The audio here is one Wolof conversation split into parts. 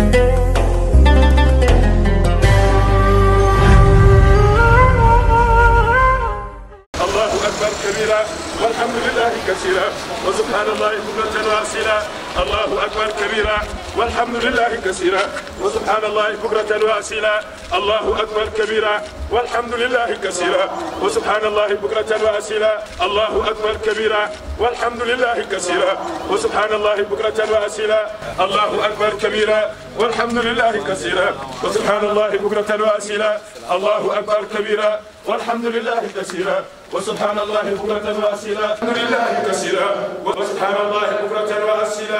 الله أكبر كبيرا والحمد لله كثيرا وسبحان الله بكرة وأصيلا الله أكبر كبيرا والحمد لله كثيرا وسبحان الله بكرة وأسيلا الله أكبر كبيرا والحمد لله كثيرا وسبحان الله بكرة وأسيلا الله أكبر كبيرا والحمد لله كثيرا وسبحان الله بكرة وأسيلا الله أكبر كبيرا والحمد لله كثيرا وسبحان الله بكرة وأسيلا الله أكبر كبيرا والحمد لله كثيرا وسبحان الله بكرة وأسيلا الحمد لله كثيرا وسبحان الله بكرة وأسيلا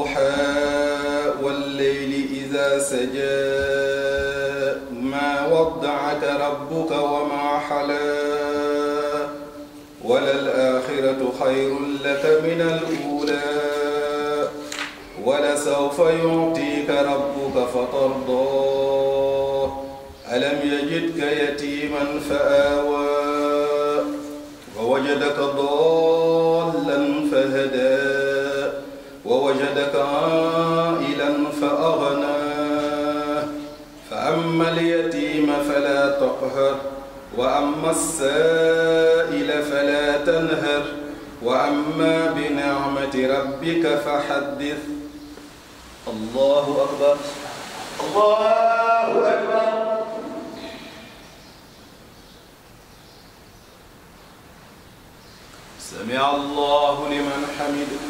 والضحى والليل إذا سجى ما ودعك ربك وما حلى وللآخرة خير لك من الأولى ولسوف يعطيك ربك فترضى ألم يجدك يتيما فآوى ووجدك ضالا فهدى وجدك عائلا فأغنى فأما اليتيم فلا تقهر وأما السائل فلا تنهر وأما بنعمة ربك فحدث الله أكبر الله أكبر سمع الله لمن حمده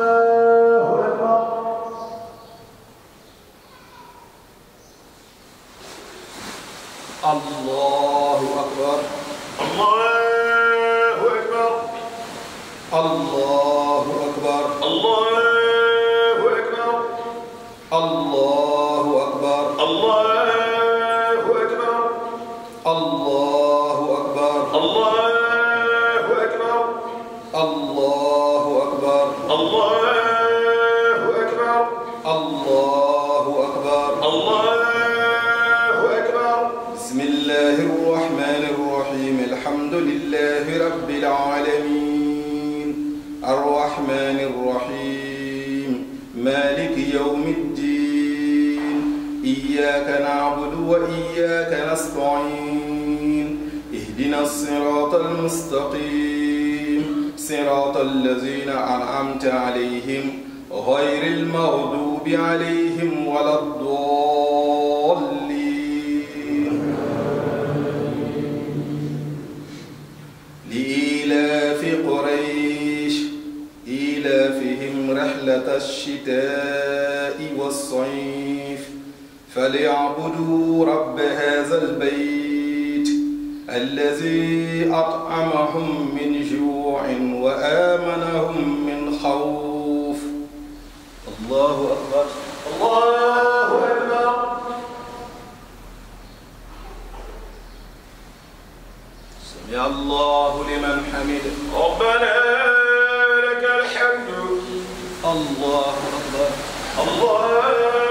الصراط المستقيم صراط الذين أنعمت عليهم غير المغضوب عليهم ولا الضالين لإيلاف قريش إيلافهم رحلة الشتاء والصيف فليعبدوا رب هذا البيت الذي أطعمهم من جوع وآمنهم من خوف الله أكبر الله أكبر سمع الله لمن حمده ربنا لك الحمد الله أكبر الله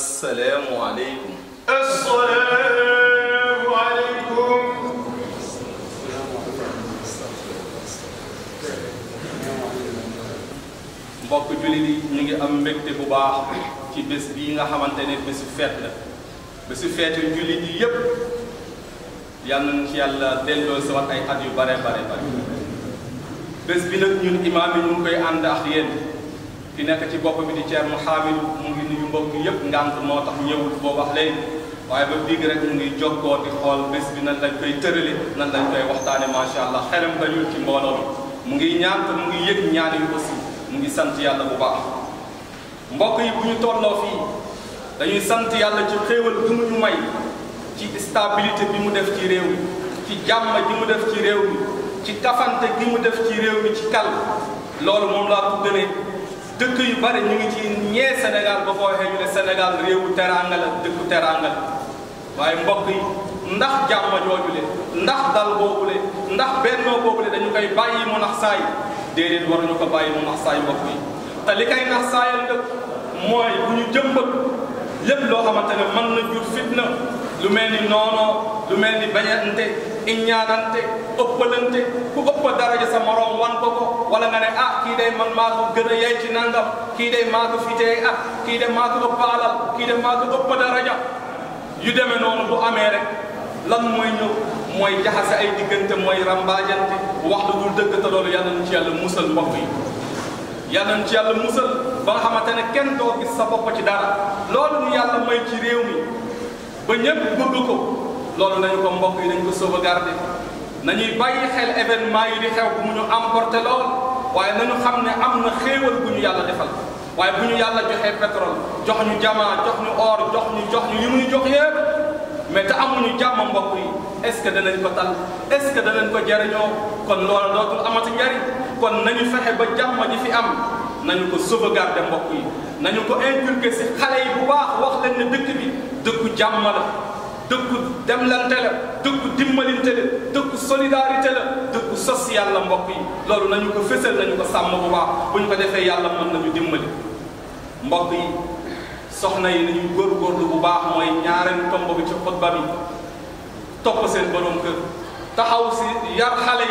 السلام عليكم السلام عليكم mbokk jullit yi ñu ngi am mbégte bu baax ci bés bii nga xamante ne bésu feet la bés fête julli di yépp yàlla nañ ci yàlla delloo si wat ay at yu bare bare bare bés bi nag ñun imaam yi ñu koy ànd ak yéen ki nekk ci bopp bi di cheikh Thierno mu mbokk yëpp ngànt moo tax ñëwul boo wax waaye ba léegi rek mu ngi jokkoo di xool bés bi nan lañ koy tërale nan lañ koy waxtaane macha allah xelam dañul ci mu ngi ñaan mu ngi yëg ñaan yu mu ngi sant yàlla bu baax mbokk yi bu ñu tolloo dañuy sant yàlla ci xéewal bi mu ñu may ci stabilité bi mu def ci réew mi ci jàmm ji mu def ci réew mi ci kafante gi mu def ci réew mi ci kal loolu moom laa tuddee dëkk yu bari ñu ngi ci ñee Sénégal ba ko waxee ñu ne Sénégal réewu teraanga la dëkku teraanga la waaye mbokk yi ndax jàmm jooju le ndax dal boobu le ndax bennoo boobu le dañu koy bàyyi mu nax saay déedéet waruñu ko bàyyi mu nax saay mbokk yi ta li koy nax saayal nag mooy bu ñu jëmbat lépp loo xamante ne mën na jur fitna lu mel ni noonoo lu mel ni bañante iññaanante ëppalante ku ëpp daraja sa morom wan ko ko wala nga ne ah kii day man maa ko gën a yey ci nangam kii day maa ko fitee ak ah, kii day maa ko ëpp alal kii day maa ko ëpp daraja yu demee noonu bu amee rek lan mooy ñëw mooy jaxase ay diggante mooy rambaajante wax lu dul dëgg te loolu yal ci yàlla musal mbokk yi yal nañu ci musal ba nga xamante ne kenn doo gis sa bopp ci dara loolu ñu yàlla may ci réew mi ba ñëpp bëgg ko loolu nañu ko mbokk yi nañ ko sauvegarder nañuy bàyyi xel événement yi di xew bu mu ñu emporté lool waaye nañu xam ne am na xéewal bu ñu yàlla defal waaye bu ñu yàlla joxee pétrole jox ñu jama jox ñu or jox ñu jox ñu li mu ñu jox yépp mais te amuñu jàmm mbokk yi est-ce que danañ ko tal est-ce que danañ ko jariñoo kon loolu dootul amati njariñ kon nañu fexe ba jàmm ji fi am nañu ko sauvegarder mbokk yi nañu ko inculquer ci xale yi bu baax wax leen ne dëkk bi dëkku jàmm la dëkku demlante la dëkku dimbalinte la dëkku solidarité la dëkku social la mbokk yi loolu nañu ko fësal nañu ko sàmm bu baax bu ñu ko defee yàlla mën nañu dimbali mbokk yi soxna yi nañu góorgóorlu bu baax mooy ñaareelu tomb bi ci xutba bi topp seen borom kër taxaw si yar yi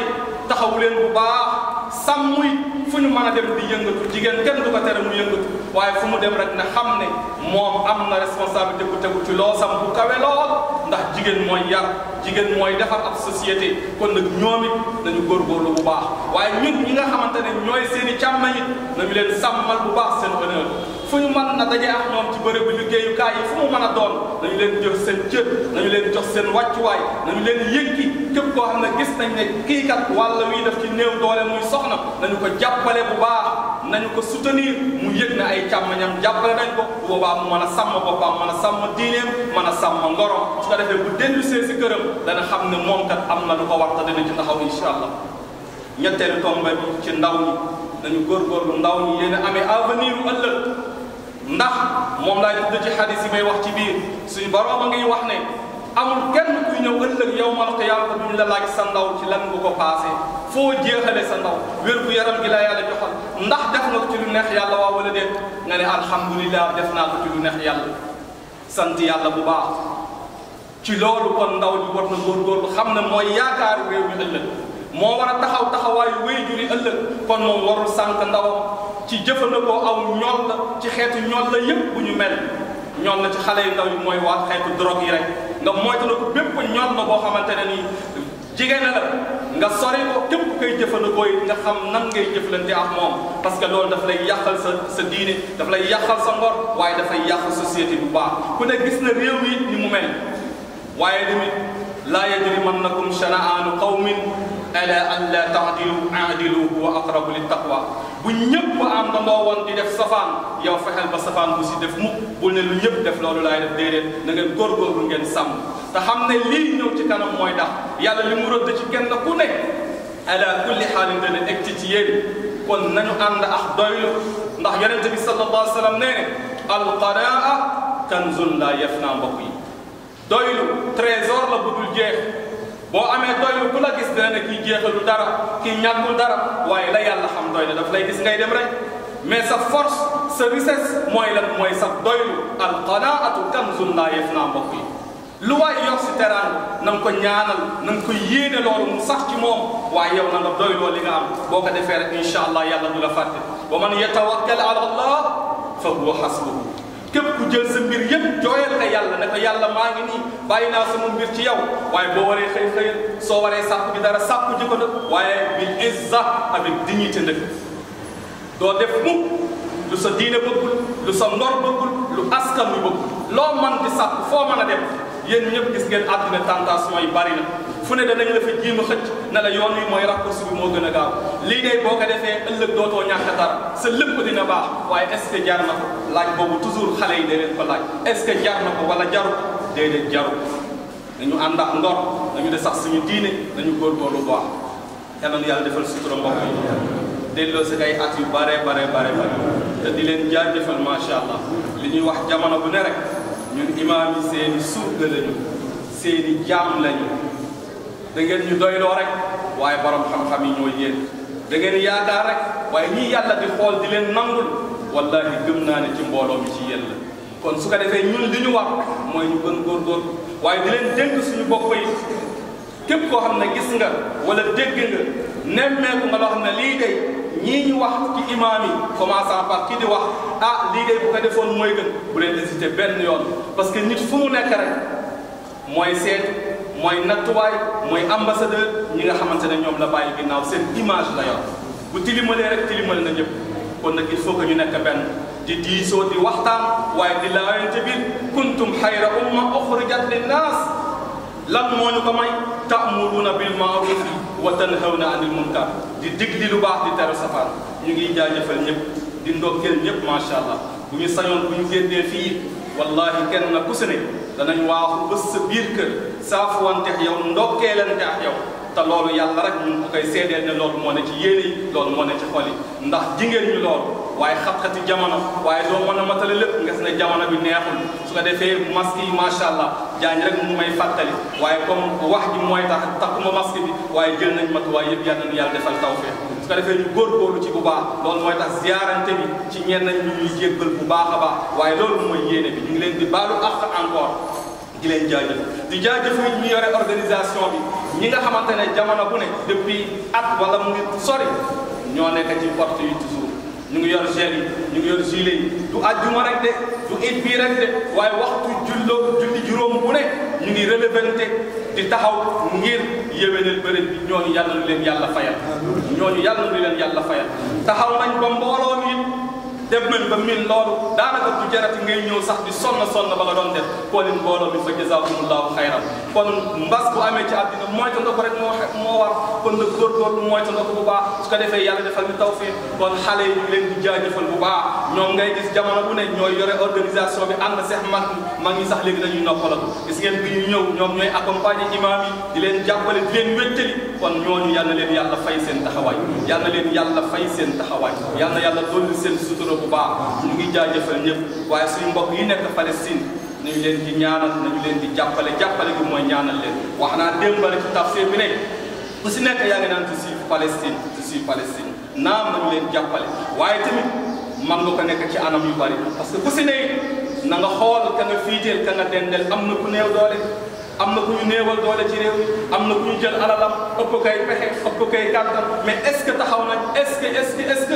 taxawu bu baax sàmmuy fu ñu mën a dem di yëngatu jigéen kenn du ko tere mu yëngatu waaye fu mu dem rek na xam ne moom am na responsabilité bu tegu ci loosam bu kawe lool ndax jigéen mooy yar jigéen mooy defar ab société kon nag ñoom it nañu góorgóorlu bu baax waaye ñun ñi nga xamante ne ñooy seen i càmm it nañu leen sàmmal bu baax seen honneur fu ñu mën na daje ak ñoom ci bërëbu liggéeyu yi fu mu man a doon nañu leen jox seen cër nañu leen jox seen wàccuwaay nañu leen yëkki képp koo xam ne gis nañ ne kii kat walla wi daf ci néew doole muy soxna nañu ko jàppale bu baax nañu ko soutenir mu yëg ne ay càmmañam jàppale nañ ko bu boobaa mu mën a sàmm boppam mën a sàmm diineem mën a sàmm ngorom defee bu dellusee si këram dana xamne mom kat amna lu ko war ta dana ci taxaw inshallah allah tombe bi ci ndaw ñi nañu lu ndaw ñi yene amé avenir u ndax mom la tudd ci hadith yi may wax ci biir suñu borom nga ñu wax ne amul kenn kuy ñëw ëllëg yowmal mal xiyaama duñ la laaj sa ndaw ci lan nga ko passé fo jeexale sa ndaw wér gu yaram gi la yàlla joxal ndax def na ko ci lu neex yàlla wa wala dé nga ne alhamdullilah def na ko ci lu neex yàlla sant yàlla bu baax ci loolu kon ndaw ñi war na góorgóorlu xam ne mooy yaakaaru réew mi ëllëg moo war a taxaw taxawaayu wéy juri ëllëg kon moom warul sànq ndawam ci jëfandikoo aw ñool la ci xeetu ñool la yépp bu ñu mel ñool la ci xale yu ndaw yi mooy waa xeetu drogue yi rek nga moytu na ko bépp ñool la boo xamante ne nii jigéen la nga sori ko képp koy jëfandikoo yi nga xam nan ngay jëflante ak moom parce que loolu daf lay yàqal sa sa diine daf lay yàqal sa ngor waaye dafay yàq société bu baax ku ne gis na réew yi ni mu mel ويدم لا يجرمنكم شنآن قوم ألا ألا تعدلوا أعدلوا هو أقرب للتقوى بنيب أم نمو أن تدف صفان يو فحل بصفان بسي دف مو بلن لنيب دف لولو لا يدف ديرين نغن قرقو رنغن سام تحمن لي نو تكنا مويدا يالا لمرد تكنا كوني ألا كل حال دن اكتتيين كون ننو أن أحضيلو نحيرن تبي صلى الله عليه وسلم نين القراءة كنز لا يفنى doylu trésor la budul jeex boo amee doylu ku la gis dana ki kii jeexalul dara ki ñàkkul dara waaye la yàlla xam doylu na daf lay gis ngay dem rek mais sa force sa richesse mooy lan mooy sa doylu al qanaatu kamzun la yafna mbokk yi lu waay yor si teraan na nga ko ñaanal na nga ko yéene loolu mu sax ci moom waaye yow na nga doyloo li nga am boo ko defee rek incha allah yàlla du la fàtte wa man yatawakkal ala allah fa huwa hasbuhu képp ku jël sa mbir yépp jooyal ko yàlla na ko yàlla maa ngi nii bàyyi naa sama mbir ci yow waaye boo waree xëy xëy soo waree sàkku bi dara sàkku ji ko nag waaye a izza avec dignité nag doo def mukk lu sa diine bëggul lu sa ngor bëggul lu askan wi bëggul loo man di sàkku foo mën a dem yen ñep gis ngeen aduna tentation yi bari na fu ne danañ la fi jima xëc na la yoon yi moy raccourci bi mo gëna gaaw li day boko defé ëlëk doto dootoo ñàkk sa lépp dina baax waye est ce jaar jar na ko laaj bobu toujours xale yi day leen ko laaj est ce jaar jar na ko wala jaru déedéet jaru nañu andax ndor ngor nañu de sax suñu diine gor gor lu baax yàlla na yàlla defal sutura mbokk yi delo si ay at yu bare bare bare bare te di leen ma sha allah li ñuy wax jamono bu ne rek ñun imaam yi seeni surga lañu seeni jaam lañu da ngeen ñu doyloo rek waaye borom xam-xam yi ñooy yéen da ngeen yaakaar rek waaye ñii yàlla di xool di leen nangul wallahi gëm naa ne ci mbooloo mi ci yéen kon su ko defee ñun li ñu wax mooy ñu gën góorgóorlu waaye di leen dénk suñu bopp yi képp koo xam ne gis nga wala dégg nga nemmeeku nga loo xam ne lii day ñii ñu wax ci imaam yi commençant par ki di wax ah lii de bu ko defoon mooy gën bu leen hésité benn yoon parce que nit fu mu nekk rek mooy seet mooy nattuwaay mooy ambassadeur ñi nga xamante ne ñoom la bàyyi ginnaaw seen image la yor bu tilimalee rek tilimale na ñëpp kon nag il faut que ñu nekk benn di diisoo di waxtaan waaye di laayante biir kuntum xayra umma uxrijat linnaas lan moo ñu ko may ta'muruna bil ma'ruf wa tanhawna anil munkar di digli lu baax di tere safaan ñu ngi jaajëfal ñëpp di ndokkeel ñëpp macha allah bu ñu sañoon bu ñu génnee fii wallahi kenn na ku si ne danañ waaxu bés sa biir kër saafuwante ak yow ndokkeelante ak yow te loolu yàlla rek ñu ngi ko koy seedeel ne loolu moo ne ci yéene yi loolu moo ne ci xol yi ndax jigéen ñu loolu waaye xat-xati jamono waaye doo mën a matale lépp nga ne jamono bi neexul su ko defee masque yi macha allah jaañ rek mu may fàttali waaye comme wax ji mooy tax takkuma masque bi waaye jël nañ matuwaay yëpp yàlla nañu yàlla defal tawfeex su ko defee ñu góorgóorlu ci bu baax loolu mooy tax ziarante bi ci ñenn ñu ñuy jéggal bu baax a baax waaye loolu mooy yéene bi ñu ngi leen di baalu àq encore di leen jaajëf di jaajëf ñu yore organisation bi ñi nga xamante ne jamono bu ne depuis at wala mu ngi sori ñoo nekk ci porte yi toujours ñu ngi yor chaîne yi ñu ngi yor gilet du àjjuma rek de du it bii rek de waaye waxtu julloo julli juróom bu ne ñu ngi relevante di taxaw ngir yéwénal bërëb bi ñooñu yàlla na leen yàlla fayal ñooñu yàlla na leen yàlla fayal taxaw nañ ba mbooloo dem nañ ba miin loolu daanaka du jarati ngay ñëw sax di sonn sonn ba nga doon def koo leen mbooloo mi fa jazakumullahu xayran kon mbas bu amee ci àddina moytu nga ko rek moo moo war kon nag góorgóorlu moytu nga ko bu baax su ko defee yàlla defal ñu tawfiq kon xale leen di jaajëfal bu baax ñoom ngay gis jamono bu ne ñooy yore organisation bi ànd seex mag mag ñi sax léegi dañuy noppalatu gis ngeen bi ñu ñëw ñoom ñooy accompagner imam di leen jàppale di seen taxawaay yàlla leen yàlla fay seen taxawaay bu baax ñu ngi jaajëfal ñëpp waaye suñu mbokk yi nekk Palestine nañu leen di ñaanal nañu leen di jàppale jàppale bi mooy ñaanal leen wax naa démbale ci tafsir bi ku si nekk yaa ngi naan ci suuf Palestine ci suuf Palestine naam nañu leen jàppale waaye tamit man nga ko nekk ci anam yu bari parce que ku si ne na nga xool ka nga fiiteel ka nga dendeel am na ku néew doole am na ku ñu néewal doole ci réew mi am na ku ñu jël alalam ëpp kay pexe ëpp kay kàttan mais ce que taxaw nag est-ce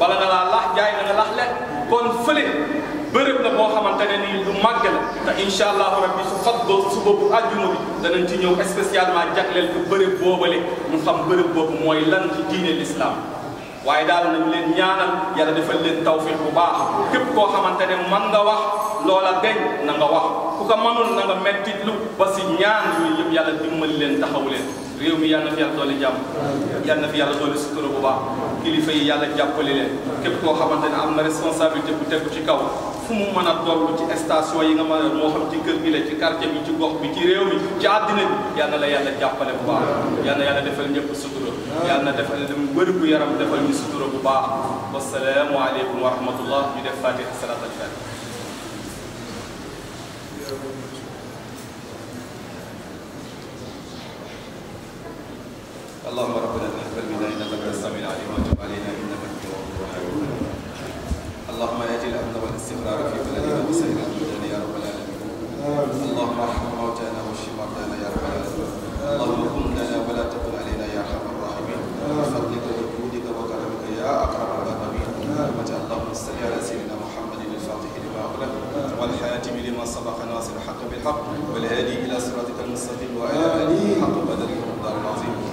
bala nga laa lax jaay na nga lax le kon fële bërëb la boo xamante ne nii lu màgg la te incha allahu rabbi su fat ba suba bu àjjuma bi danañ ci ñëw spécialement jagleel ko bërëb boobale mu xam bërëb boobu mooy lan ci diine l'islam waaye daal nañ leen ñaanal yàlla defal leen tawfiq bu baax képp koo xamante ne man nga wax loola deñ na nga wax ku ko mënul na nga mettitlu ba si ñaan yooyu yëpp yàlla dimbali leen taxaw leen réew mi yàlla fi yàlla doole jàmm yàlla fi yàlla doole sutura bu baax kilifa yi yàlla jàppale leen képp koo xamante ne am na responsabilité bu tegu ci kaw fu mu mën a toll ci station yi nga mën a moo xam ci kër gi la ci quartier bi ci gox bi ci réew mi ci àddina bi yàlla la yàlla jàppale bu baax yàlla yàlla defal ñëpp sutura yàlla defal dem wër bu yaram defal ñu sutura bu baax wasalaamu aleykum wa rahmatullah ñu def fatiha salaat al fatiha اللهم ربنا تقبل منا انك انت السميع العليم وتب علينا انك انت التواب الرحيم اللهم يجي الامن والاستقرار في بلدنا وسائر البلدان يا رب العالمين اللهم ارحم موتانا واشف مرضانا يا رب العالمين اللهم كن لنا ولا تكن علينا يا ارحم الراحمين بفضلك وجودك وكرمك يا اكرم الراحمين واجعل اللهم صل على سيدنا محمد الفاتح لما اغلق والحاتم لما سبق ناصر الحق بالحق والهادي الى صراطك المستقيم وعلى اله حق قدره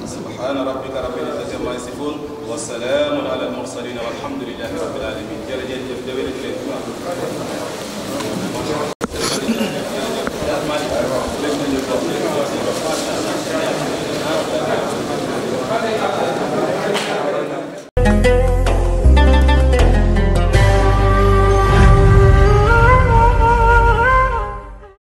سبحان ربك رب العزة عما يصفون والسلام على المرسلين والحمد لله رب العالمين جل جل جل